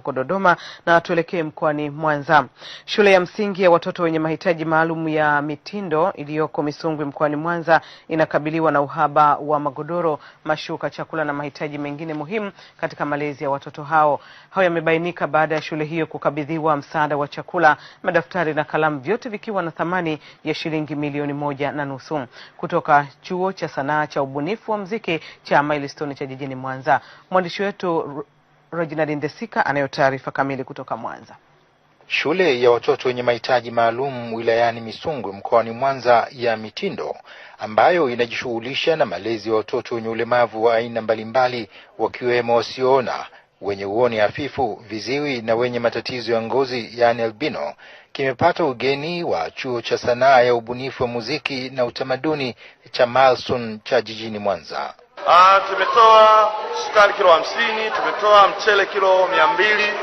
huko Dodoma na tuelekee mkoani Mwanza. Shule ya msingi ya watoto wenye mahitaji maalum ya Mitindo iliyoko Misungwi mkoani Mwanza inakabiliwa na uhaba wa magodoro, mashuka, chakula na mahitaji mengine muhimu katika malezi ya watoto hao. Hayo yamebainika baada ya shule hiyo kukabidhiwa msaada wa chakula, madaftari na kalamu, vyote vikiwa na thamani ya shilingi milioni moja na nusu kutoka Chuo cha Sanaa cha Ubunifu wa Muziki cha Milestone cha jijini Mwanza. Mwandishi wetu Reginald Ndesika anayo taarifa kamili kutoka Mwanza. Shule ya watoto wenye mahitaji maalum wilayani Misungwi mkoani Mwanza ya Mitindo ambayo inajishughulisha na malezi ya watoto wenye ulemavu wa aina mbalimbali wakiwemo wasioona, wenye uoni hafifu, viziwi na wenye matatizo ya ngozi yaani albino kimepata ugeni wa chuo cha sanaa ya ubunifu wa muziki na utamaduni cha Malson cha jijini Mwanza. Ah, tumetoa sukari kilo hamsini, tumetoa mchele kilo mia mbili,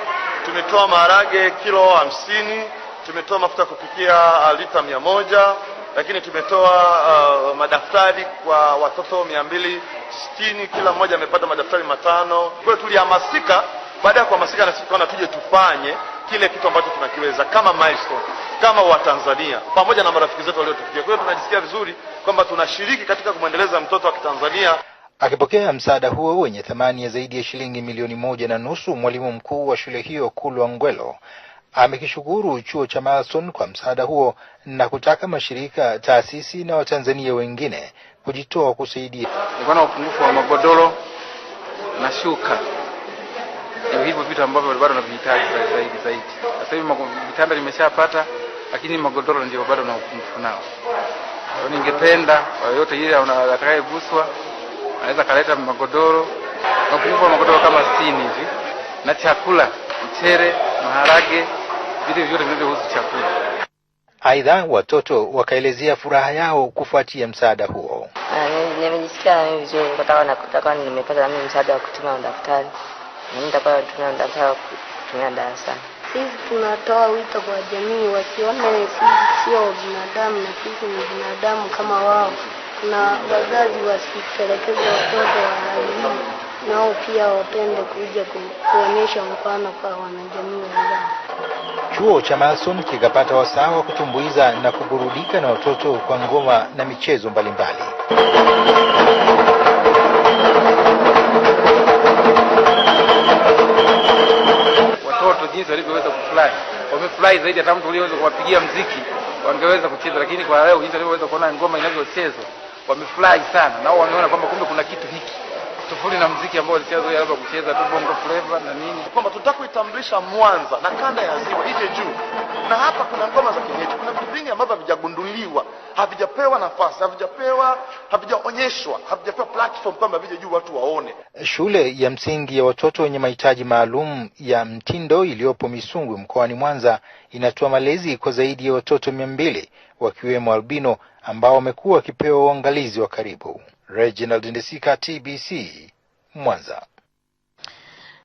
tumetoa maharage kilo hamsini, tumetoa mafuta kupikia ah, lita mia moja, lakini tumetoa uh, madaftari kwa watoto mia mbili sitini, kila mmoja amepata madaftari matano. Kwa hiyo tulihamasika, baada ya kuhamasika na sikuona tuje tufanye kile kitu ambacho tunakiweza kama milestone kama Watanzania pamoja na marafiki zetu waliotufikia. Kwa hiyo tunajisikia vizuri kwamba tunashiriki katika kumwendeleza mtoto wa Kitanzania. Akipokea msaada huo wenye thamani ya zaidi ya shilingi milioni moja na nusu, mwalimu mkuu wa shule hiyo Kulwa Ngwelo amekishukuru chuo cha Mason kwa msaada huo na kutaka mashirika, taasisi na Watanzania wengine kujitoa kusaidia. Nilikuwa na upungufu wa magodoro na shuka, ndio hivyo vitu ambavyo bado navihitaji zaidi zaidi. Sasa hivi vitanda nimeshapata, lakini magodoro ndio bado na upungufu nao. Ningependa yoyote ile atakayeguswa anaweza kaleta magodoro na magodoro kama sitini hivi na chakula, mchere, maharage, vitu vyote vinavyohusu chakula. Aidha, watoto wakaelezea furaha yao kufuatia msaada huo. Nimejisikia vizuri, nitakuwa nimepata mimi msaada wa kutumia madaftari, nitakuwa wa kutumia darasani. Sisi tunatoa wito kwa jamii, wasione sisi sio binadamu na sisi ni binadamu kama wao na wazazi wasipelekeze watoto wa wahalimu, nao pia wapende kuja kuonyesha mfano kwa wanajamii wenzao. Chuo cha Malson kikapata wasaa wa kutumbuiza na kuburudika na watoto kwa ngoma na michezo mbalimbali mbali. jinsi walivyoweza kufurahi. Wamefurahi zaidi hata mtu aliyeweza kuwapigia mziki wangeweza kucheza, lakini kwa leo jinsi walivyoweza kuona ngoma inavyochezwa wamefurahi sana na wameona kwamba kumbe kuna kitu hiki tofauti na mziki ambao walishazoea labda kucheza tu bongo flavor na nini, kwamba tunataka kuitambulisha Mwanza na kanda ya ziwa ije juu, na hapa kuna ngoma za kienyeji, kuna vitu vingi ambavyo havijagunduliwa havijapewa nafasi, havijapewa, havijaonyeshwa, havijapewa platform kwamba vije juu watu waone. Shule ya msingi ya watoto wenye mahitaji maalum ya Mtindo iliyopo Misungwi mkoani Mwanza inatoa malezi kwa zaidi ya watoto mia mbili wakiwemo albino ambao wamekuwa wakipewa uangalizi wa karibu. Reginald Ndesika, TBC, Mwanza.